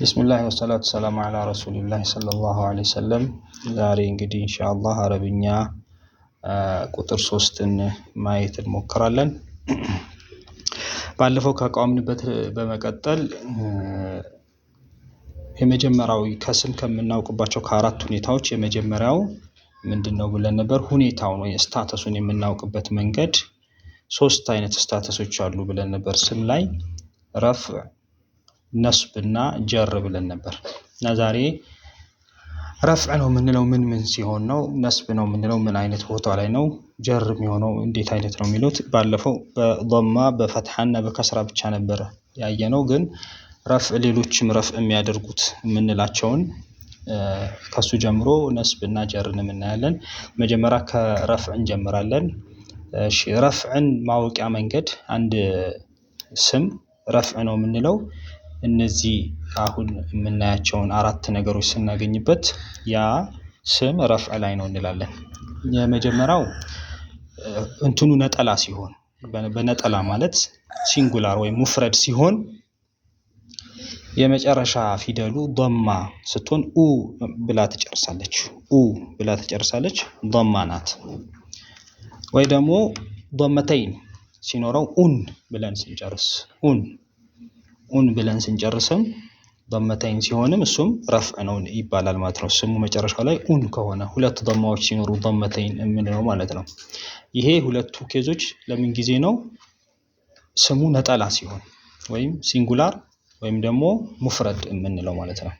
ብስሚላህ ወሰላቱ ሰላም አላ ረሱሊላህ ሰለላሁ አለይሂ ወሰለም። ዛሬ እንግዲህ ኢንሻአላህ አረብኛ ቁጥር ሶስትን ማየት እንሞክራለን። ባለፈው ካቋምንበት በመቀጠል የመጀመሪያው ከስም ከምናውቅባቸው ከአራት ሁኔታዎች የመጀመሪያው ምንድን ነው ብለን ነበር? ሁኔታውን ወይ ስታተሱን የምናውቅበት መንገድ ሶስት አይነት ስታተሶች አሉ ብለን ነበር ስም ላይ ረፍዕ ነስብና ጀር ብለን ነበር እና ዛሬ ረፍዕ ነው የምንለው ምን ምን ሲሆን ነው? ነስብ ነው የምንለው ምን አይነት ቦታ ላይ ነው? ጀር የሚሆነው እንዴት አይነት ነው የሚሉት ባለፈው በማ በፈትሐና በከስራ ብቻ ነበረ ነው። ግን ረፍዕ ሌሎችም ረፍዕ የሚያደርጉት የምንላቸውን ከሱ ጀምሮ ነስብና ጀርን የምናያለን። መጀመሪያ ከረፍዕ እንጀምራለን። ረፍዕን ማወቂያ መንገድ አንድ ስም ረፍዕ ነው የምንለው እነዚህ አሁን የምናያቸውን አራት ነገሮች ስናገኝበት ያ ስም ረፍዕ ላይ ነው እንላለን። የመጀመሪያው እንትኑ ነጠላ ሲሆን በነጠላ ማለት ሲንጉላር ወይም ሙፍረድ ሲሆን የመጨረሻ ፊደሉ ማ ስትሆን ኡ ብላ ትጨርሳለች። ኡ ብላ ትጨርሳለች፣ ማ ናት። ወይ ደግሞ መተይን ሲኖረው ኡን ብለን ስንጨርስ ኡን ኡን ብለን ስንጨርስም ዶመተይን ሲሆንም እሱም ረፍዕ ነው ይባላል ማለት ነው። ስሙ መጨረሻው ላይ ኡን ከሆነ ሁለት ዶማዎች ሲኖሩ ዶመተይን የምንለው ማለት ነው። ይሄ ሁለቱ ኬዞች ለምን ጊዜ ነው? ስሙ ነጠላ ሲሆን ወይም ሲንጉላር ወይም ደግሞ ሙፍረድ የምንለው ማለት ነው።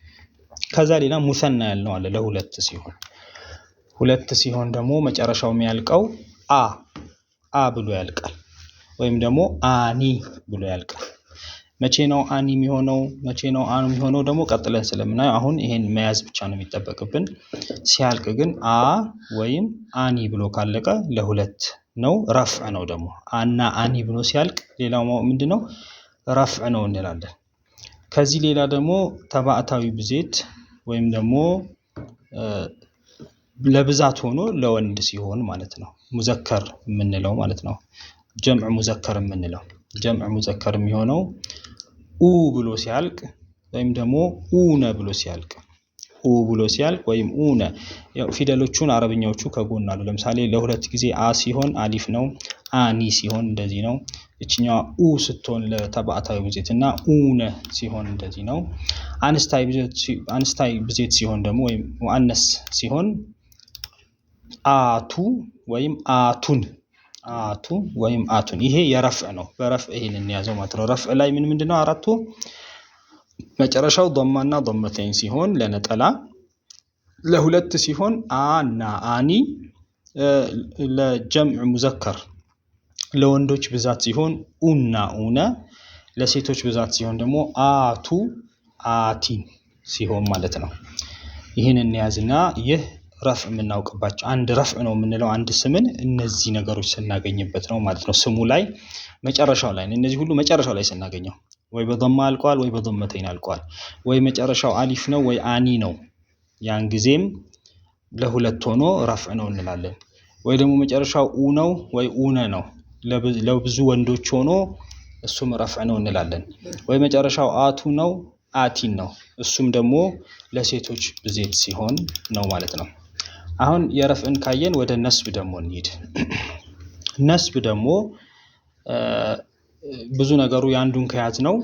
ከዛ ሌላ ሙሰና ያልነው አለ ለሁለት ሲሆን ሁለት ሲሆን ደግሞ መጨረሻው የሚያልቀው አ አ ብሎ ያልቃል ወይም ደግሞ አኒ ብሎ ያልቃል። መቼ ነው አን የሚሆነው መቼ ነው አን የሚሆነው ደግሞ ቀጥለን ስለምናየው አሁን ይሄን መያዝ ብቻ ነው የሚጠበቅብን። ሲያልቅ ግን አ ወይም አኒ ብሎ ካለቀ ለሁለት ነው ረፍዕ ነው ደግሞ አና አኒ ብሎ ሲያልቅ ሌላው ነው? ረፍዕ ነው እንላለን። ከዚህ ሌላ ደግሞ ተባዕታዊ ብዜት ወይም ደግሞ ለብዛት ሆኖ ለወንድ ሲሆን ማለት ነው ሙዘከር የምንለው ማለት ነው ጀምዕ ሙዘከር የምንለው ጀምዕ ሙዘከር የሚሆነው ኡ ብሎ ሲያልቅ ወይም ደግሞ ኡነ ብሎ ሲያልቅ ኡ ብሎ ሲያልቅ ወይም ኡነ ፊደሎቹን አረብኛዎቹ ከጎን አሉ። ለምሳሌ ለሁለት ጊዜ አ ሲሆን አሊፍ ነው። አኒ ሲሆን እንደዚህ ነው። እችኛዋ ኡ ስትሆን ለተባዕታዊ ብዜት እና ኡነ ሲሆን እንደዚህ ነው። አንስታይ ብዜት ሲሆን ደግሞ ወይም ሙአነስ ሲሆን አቱ ወይም አቱን አቱ ወይም አቱን ይሄ የረፍዕ ነው። በረፍዕ ይሄን እንያዘው ማለት ነው። ረፍዕ ላይ ምን ምንድነው አራቱ? መጨረሻው ዶማና ዶመተኝ ሲሆን ለነጠላ ለሁለት ሲሆን አና አኒ ለጀምዕ ሙዘከር ለወንዶች ብዛት ሲሆን ኡና ኡነ ለሴቶች ብዛት ሲሆን ደግሞ አቱ አቲን ሲሆን ማለት ነው። ይህን እንያዝና ይህ ረፍዕ የምናውቅባቸው አንድ ረፍዕ ነው የምንለው አንድ ስምን እነዚህ ነገሮች ስናገኝበት ነው ማለት ነው። ስሙ ላይ መጨረሻው ላይ እነዚህ ሁሉ መጨረሻው ላይ ስናገኘው ወይ በዶማ አልቋል ወይ በዶመተይን አልቋል ወይ መጨረሻው አሊፍ ነው ወይ አኒ ነው። ያን ጊዜም ለሁለት ሆኖ ረፍዕ ነው እንላለን። ወይ ደግሞ መጨረሻው ኡ ነው ወይ ኡነ ነው ለብዙ ወንዶች ሆኖ እሱም ረፍዕ ነው እንላለን። ወይ መጨረሻው አቱ ነው አቲን ነው እሱም ደግሞ ለሴቶች ብዜት ሲሆን ነው ማለት ነው። አሁን የረፍዕን ካየን ወደ ነስብ ደግሞ እንሂድ። ነስብ ደግሞ ብዙ ነገሩ የአንዱን ከያዝ ነው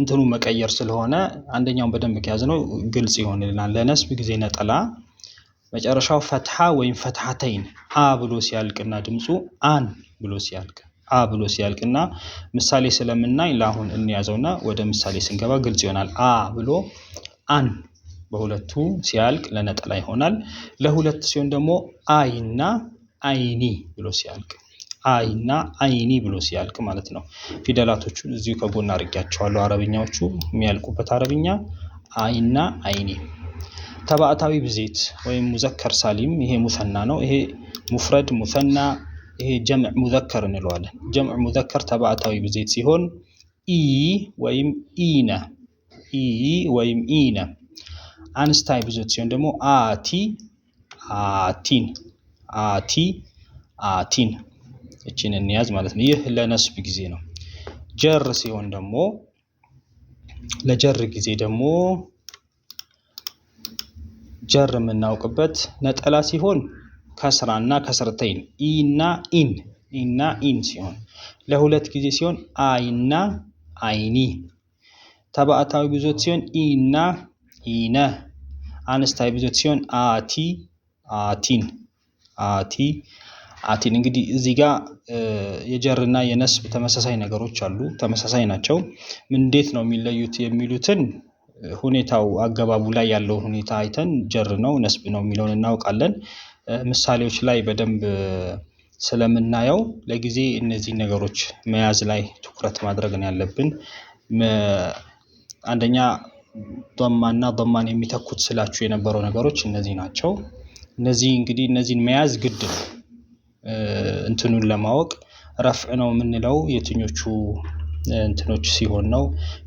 እንትኑ መቀየር ስለሆነ አንደኛውን በደንብ ከያዝ ነው ግልጽ ይሆንልናል። ለነስብ ጊዜ ነጠላ መጨረሻው ፈትሓ ወይም ፈትሓተይን አ ብሎ ሲያልቅና ድምፁ አን ብሎ ሲያልቅ አ ብሎ ሲያልቅና ምሳሌ ስለምናኝ ለአሁን እንያዘውና ወደ ምሳሌ ስንገባ ግልጽ ይሆናል። አ ብሎ አን በሁለቱ ሲያልቅ ለነጠላ ይሆናል። ለሁለት ሲሆን ደግሞ አይና አይኒ ብሎ ሲያልቅ አይና አይኒ ብሎ ሲያልቅ ማለት ነው። ፊደላቶቹን እዚሁ ከጎን አድርጌያቸዋለሁ አረብኛዎቹ የሚያልቁበት አረብኛ አይና አይኒ። ተባዕታዊ ብዜት ወይም ሙዘከር ሳሊም ይሄ ሙሰና ነው። ይሄ ሙፍረድ ሙሰና ይሄ ጀምዕ ሙዘከር እንለዋለን። ጀምዕ ሙዘከር ተባዕታዊ ብዜት ሲሆን ኢ ወይም ኢነ ኢ ወይም ኢነ አንስታይ ብዙት ሲሆን ደግሞ አቲ አቲን አቲ አቲን እችን እንያዝ ማለት ነው። ይህ ለነስብ ጊዜ ነው። ጀር ሲሆን ደግሞ ለጀር ጊዜ ደግሞ ጀር የምናውቅበት ነጠላ ሲሆን ከስራና ከስርተይን ኢና ኢን ኢና ኢን ሲሆን ለሁለት ጊዜ ሲሆን አይና አይኒ ተባዕታዊ ብዙት ሲሆን ኢና ኢነ አነስታይ ብዙት ሲሆን አቲ አቲን አቲ አቲን እንግዲህ እዚህ ጋር የጀርና የነስብ ተመሳሳይ ነገሮች አሉ። ተመሳሳይ ናቸው። እንዴት ነው የሚለዩት የሚሉትን ሁኔታው አገባቡ ላይ ያለውን ሁኔታ አይተን ጀር ነው ነስብ ነው የሚለውን እናውቃለን። ምሳሌዎች ላይ በደንብ ስለምናየው ለጊዜ እነዚህን ነገሮች መያዝ ላይ ትኩረት ማድረግ ነው ያለብን። አንደኛ ዶማና ዶማን የሚተኩት ስላችሁ የነበረው ነገሮች እነዚህ ናቸው። እነዚህ እንግዲህ እነዚህን መያዝ ግድ ነው። እንትኑን ለማወቅ ረፍዕ ነው የምንለው የትኞቹ እንትኖች ሲሆን ነው፣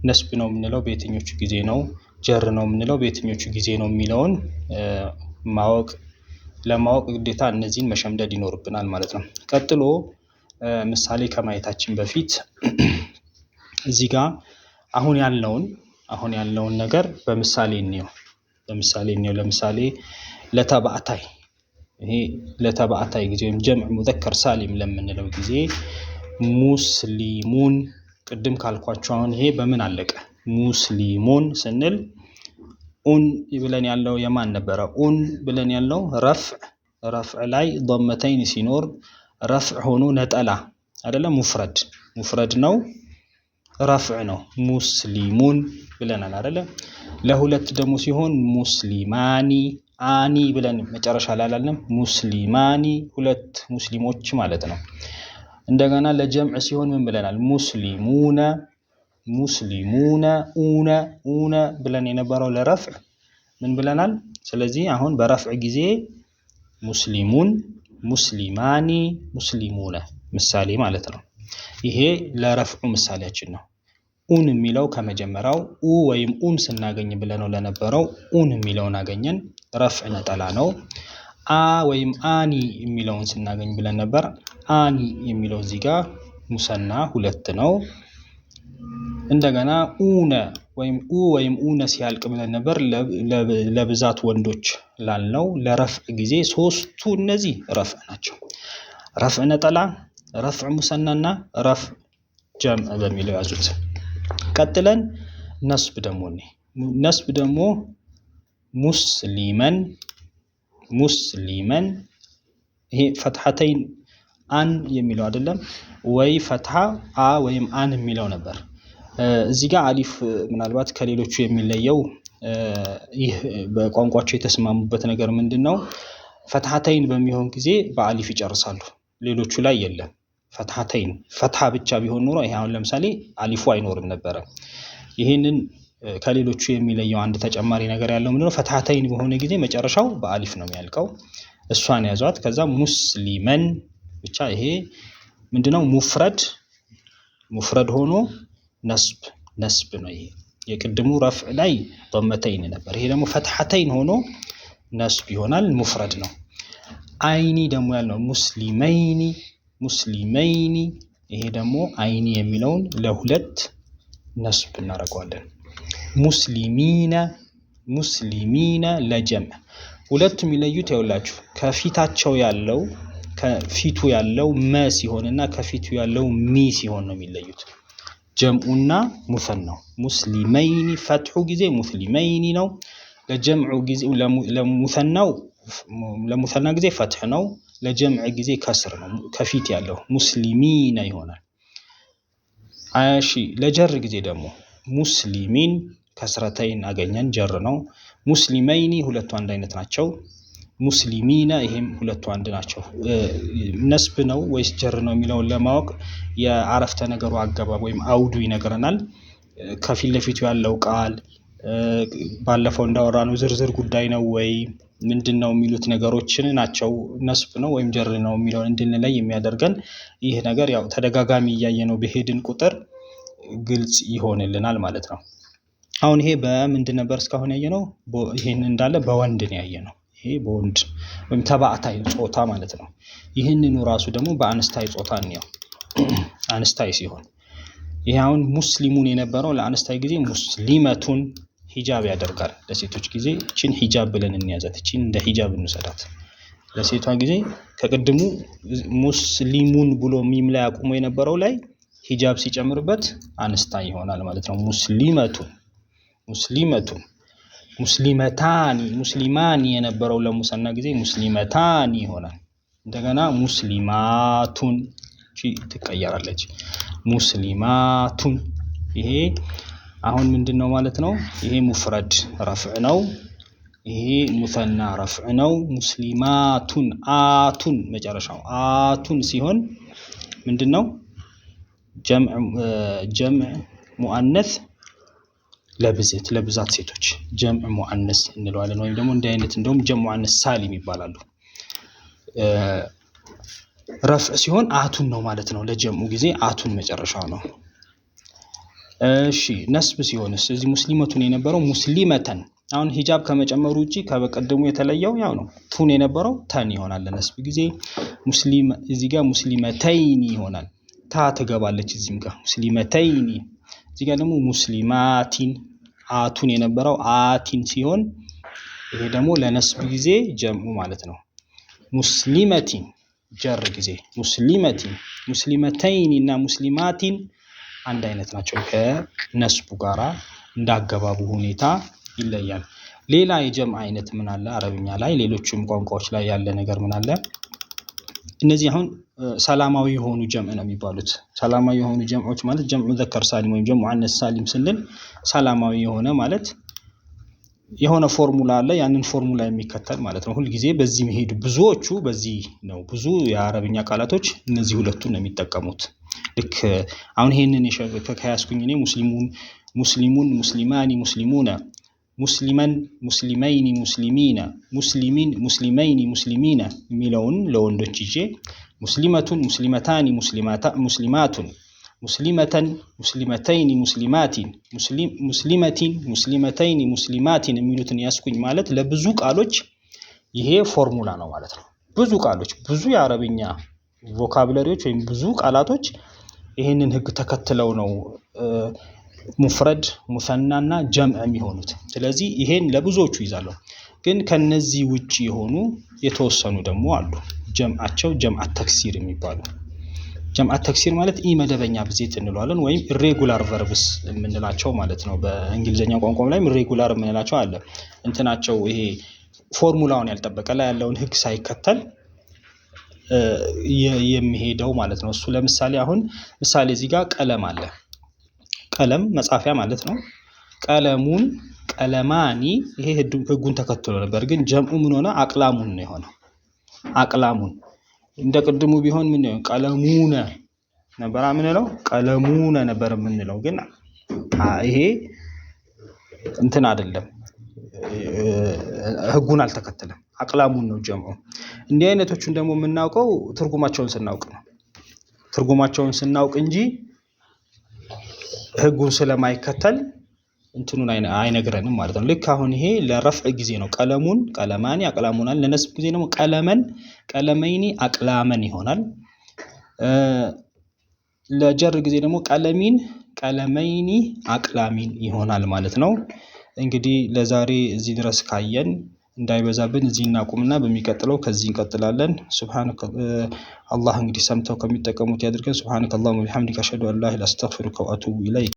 ነስብ ነው የምንለው በየትኞቹ ጊዜ ነው፣ ጀር ነው የምንለው በየትኞቹ ጊዜ ነው የሚለውን ማወቅ ለማወቅ ግዴታ እነዚህን መሸምደድ ይኖርብናል ማለት ነው። ቀጥሎ ምሳሌ ከማየታችን በፊት እዚህ ጋር አሁን ያለውን? አሁን ያለውን ነገር በምሳሌ እንየው። ለምሳሌ እንየው። ለምሳሌ ለተባዕታይ ይሄ ለተባዕታይ ጊዜ ወይም ጀምዕ ሙዘከር ሳሊም ለምንለው ጊዜ ሙስሊሙን ቅድም ካልኳቸው አሁን ይሄ በምን አለቀ? ሙስሊሙን ስንል ኡን ብለን ያለው የማን ነበረ? ኡን ብለን ያለው ረፍዕ ረፍዕ ላይ ዶመተይን ሲኖር ረፍዕ ሆኖ ነጠላ አይደለም፣ ሙፍረድ ሙፍረድ ነው። ረፍዕ ነው። ሙስሊሙን ብለናል አይደለ? ለሁለት ደግሞ ሲሆን ሙስሊማኒ አኒ ብለን መጨረሻ ላይ አላልንም? ሙስሊማኒ ሁለት ሙስሊሞች ማለት ነው። እንደገና ለጀምዕ ሲሆን ምን ብለናል? ሙስሊሙነ ሙስሊሙነ ኡነ ኡነ ብለን የነበረው ለረፍዕ ምን ብለናል? ስለዚህ አሁን በረፍዕ ጊዜ ሙስሊሙን፣ ሙስሊማኒ፣ ሙስሊሙነ ምሳሌ ማለት ነው። ይሄ ለረፍዑ ምሳሌያችን ነው። ኡን የሚለው ከመጀመሪያው ኡ ወይም ኡን ስናገኝ ብለነው ለነበረው ኡን የሚለውን አገኘን። ረፍዕ ነጠላ ነው። አ ወይም አኒ የሚለውን ስናገኝ ብለን ነበር። አኒ የሚለው እዚህ ጋ ሙሰና ሁለት ነው። እንደገና ኡነ ወይም ኡ ወይም ኡነ ሲያልቅ ብለን ነበር። ለብዛት ወንዶች ላልነው ለረፍዕ ጊዜ ሶስቱ እነዚህ ረፍዕ ናቸው። ረፍዕ ነጠላ ረፍዕ ሙሰናና ረፍ ጀም በሚለው ያዙት። ቀጥለን ነስብ ደግሞ ነስብ ደግሞ ሙስሊመን ሙስሊመን ይሄ ፈትሐተይን አን የሚለው አይደለም ወይ ፈትሐ አ ወይም አን የሚለው ነበር። እዚህ ጋር አሊፍ ምናልባት ከሌሎቹ የሚለየው ይህ በቋንቋቸው የተስማሙበት ነገር ምንድን ነው? ፈትሐተይን በሚሆን ጊዜ በአሊፍ ይጨርሳሉ። ሌሎቹ ላይ የለም። ፈትሐተይን ፈትሐ ብቻ ቢሆን ኖሮ ይሄ አሁን ለምሳሌ አሊፉ አይኖርም ነበረ። ይህንን ከሌሎቹ የሚለየው አንድ ተጨማሪ ነገር ያለው ምንድነው? ፈትሐተይን በሆነ ጊዜ መጨረሻው በአሊፍ ነው የሚያልቀው። እሷን ያዟት። ከዛ ሙስሊመን ብቻ ይሄ ምንድነው? ሙፍረድ ሙፍረድ ሆኖ ነስብ ነስብ ነው ይሄ። የቅድሙ ረፍዕ ላይ ዶመተይን ነበር። ይሄ ደግሞ ፈትሐተይን ሆኖ ነስብ ይሆናል። ሙፍረድ ነው። አይኒ ደግሞ ያልነው ሙስሊመይኒ ሙስሊመይኒ ይሄ ደግሞ አይኒ የሚለውን ለሁለት ነስብ እናደርገዋለን። ሙስሊሚነ ሙስሊሚነ ለጀም ሁለቱ የሚለዩት ያውላችሁ ከፊታቸው ያለው ከፊቱ ያለው መ ሲሆንና ከፊቱ ያለው ሚ ሲሆን ነው የሚለዩት። ጀምዑና ሙፈን ነው። ሙስሊመይኒ ፈትሑ ጊዜ ሙስሊመይኒ ነው። ለጀምዑ ጊዜ ለሙሰናው ለሙፈና ጊዜ ፈትሕ ነው። ለጀምዕ ጊዜ ከስር ነው ከፊት ያለው ሙስሊሚና ይሆናል። እሺ ለጀር ጊዜ ደግሞ ሙስሊሚን ከስረተይን አገኘን ጀር ነው። ሙስሊመይኒ ሁለቱ አንድ አይነት ናቸው። ሙስሊሚና ይሄም ሁለቱ አንድ ናቸው። ነስብ ነው ወይስ ጀር ነው የሚለውን ለማወቅ የአረፍተ ነገሩ አገባብ ወይም አውዱ ይነግረናል። ከፊት ለፊቱ ያለው ቃል ባለፈው ነው ዝርዝር ጉዳይ ነው ወይ ምንድን ነው የሚሉት ነገሮችን ናቸው ነስብ ነው ወይም ጀር ነው የሚለውን እንድንለይ የሚያደርገን ይህ ነገር ያው ተደጋጋሚ እያየነው በሄድን ቁጥር ግልጽ ይሆንልናል ማለት ነው። አሁን ይሄ በምንድን ነበር እስካሁን ያየነው? ይህን እንዳለ በወንድ ነው ነው። ይሄ በወንድ ወይም ተባዕታይ ጾታ ማለት ነው። ይህንኑ ራሱ ደግሞ በአንስታይ ጾታ እንየው። አንስታይ ሲሆን ይሄ አሁን ሙስሊሙን የነበረው ለአንስታይ ጊዜ ሙስሊመቱን ሂጃብ ያደርጋል። ለሴቶች ጊዜ እችን ሂጃብ ብለን እንያዛት። ቺን እንደ ሂጃብ እንውሰዳት። ለሴቷ ጊዜ ከቅድሙ ሙስሊሙን ብሎ ሚም ላይ አቁሞ የነበረው ላይ ሂጃብ ሲጨምርበት አንስታ ይሆናል ማለት ነው። ሙስሊመቱን ሙስሊመቱ ሙስሊመታኒ ሙስሊማኒ የነበረው ለሙሰና ጊዜ ሙስሊመታኒ ይሆናል። እንደገና ሙስሊማቱን ትቀየራለች። ሙስሊማቱን ይሄ አሁን ምንድነው ማለት ነው? ይሄ ሙፍረድ ረፍዕ ነው። ይሄ ሙተና ረፍዕ ነው። ሙስሊማቱን አቱን መጨረሻው አቱን ሲሆን ምንድነው ጀምዕ ሙአነስ ለብዜት ለብዛት ሴቶች ጀምዕ ሙአነስ እንለዋለን። ወይም ደግሞ እንዲህ አይነት እንደውም ጀምዕ ሙአነስ ሳሊም ይባላሉ። ረፍዕ ሲሆን አቱን ነው ማለት ነው። ለጀምዑ ጊዜ አቱን መጨረሻው ነው። እሺ ነስብ ሲሆንስ እዚህ ሙስሊመቱን የነበረው ሙስሊመተን አሁን ሂጃብ ከመጨመሩ ውጪ ከበቀደሙ የተለየው ያው ነው። ቱን የነበረው ተን ይሆናል ለነስብ ጊዜ። ሙስሊም እዚህ ጋር ሙስሊመተይኒ ይሆናል። ታ ትገባለች እዚህም ጋር ሙስሊመተይኒ። እዚህ ጋር ደግሞ ሙስሊማቲን አቱን የነበረው አቲን ሲሆን ይሄ ደግሞ ለነስብ ጊዜ ጀሙ ማለት ነው። ሙስሊመቲን ጀር ጊዜ ሙስሊመቲን ሙስሊመተይኒ እና ሙስሊማቲን አንድ አይነት ናቸው። ከነስቡ ጋራ እንዳገባቡ ሁኔታ ይለያል። ሌላ የጀም አይነት ምን አለ? አረብኛ ላይ ሌሎችም ቋንቋዎች ላይ ያለ ነገር ምን አለ? እነዚህ አሁን ሰላማዊ የሆኑ ጀም ነው የሚባሉት። ሰላማዊ የሆኑ ጀምዎች ማለት ጀም ሙዘከር ሳሊም ወይም ጀም ሙአነስ ሳሊም ስንል ሰላማዊ የሆነ ማለት የሆነ ፎርሙላ አለ። ያንን ፎርሙላ የሚከተል ማለት ነው። ሁልጊዜ በዚህ መሄድ ብዙዎቹ በዚህ ነው። ብዙ የአረብኛ ቃላቶች እነዚህ ሁለቱን ነው የሚጠቀሙት። ልክ አሁን ይሄንን ከያዝኩኝ እኔ ሙስሊሙን ሙስሊሙን ሙስሊማኒ ሙስሊሙነ ሙስሊመን ሙስሊመይኒ ሙስሊሚነ ሙስሊሚን ሙስሊመይኒ ሙስሊሚነ የሚለውን ለወንዶች ይዤ ሙስሊመቱን ሙስሊመታኒ ሙስሊማቱን ሙስሊመተን ሙስሊመተይኒ ሙስሊማቲን ሙስሊመቲን ሙስሊመተይኒ ሙስሊማቲን የሚሉትን ያስኩኝ ማለት ለብዙ ቃሎች ይሄ ፎርሙላ ነው ማለት ነው። ብዙ ቃሎች ብዙ የአረብኛ ቮካብለሪዎች ወይም ብዙ ቃላቶች ይህንን ህግ ተከትለው ነው ሙፍረድ ሙሰናና ጀምዕ የሚሆኑት። ስለዚህ ይሄን ለብዙዎቹ ይዛለሁ፣ ግን ከነዚህ ውጭ የሆኑ የተወሰኑ ደግሞ አሉ። ጀምዓቸው ጀምዓ ተክሲር የሚባሉ ጀምአ ተክሲር ማለት ኢ መደበኛ ብዜት እንለዋለን ወይም ኢሬጉላር ቨርብስ የምንላቸው ማለት ነው። በእንግሊዝኛ ቋንቋም ላይም ሬጉላር የምንላቸው አለ። እንትናቸው ይሄ ፎርሙላውን ያልጠበቀ ላይ ያለውን ህግ ሳይከተል የሚሄደው ማለት ነው። እሱ ለምሳሌ አሁን ምሳሌ እዚህ ጋር ቀለም አለ። ቀለም መጻፊያ ማለት ነው። ቀለሙን ቀለማኒ፣ ይሄ ህጉን ተከትሎ ነበር፣ ግን ጀምኡ ምን ሆነ? አቅላሙን ነው የሆነው። አቅላሙን እንደ ቅድሙ ቢሆን ምን ነው ቀለሙነ ነበር ምንለው፣ ቀለሙነ ነበር የምንለው። ግን ይሄ እንትን አይደለም፣ ህጉን አልተከተለም። አቅላሙን ነው ጀምሮ እንዲህ አይነቶቹን ደግሞ የምናውቀው ትርጉማቸውን ስናውቅ ነው። ትርጉማቸውን ስናውቅ እንጂ ህጉን ስለማይከተል እንትኑን አይነግረንም ማለት ነው። ልክ አሁን ይሄ ለረፍዕ ጊዜ ነው። ቀለሙን ቀለማኒ አቅላሙናል። ለነስብ ጊዜ ደግሞ ቀለመን ቀለመይኒ አቅላመን ይሆናል። ለጀር ጊዜ ደግሞ ቀለሚን ቀለመይኒ አቅላሚን ይሆናል ማለት ነው። እንግዲህ ለዛሬ እዚህ ድረስ ካየን እንዳይበዛብን እዚህ እናቁምና በሚቀጥለው ከዚህ እንቀጥላለን። ሱብሃነከ አላህ እንግዲህ ሰምተው ከሚጠቀሙት ያድርገን። ሱብሃነከ አላሁመ ቢሐምዲከ አሽሀዱ አን ላ ኢላሀ ኢለንተ አስተግፊሩከ ወአቱቡ ኢለይክ።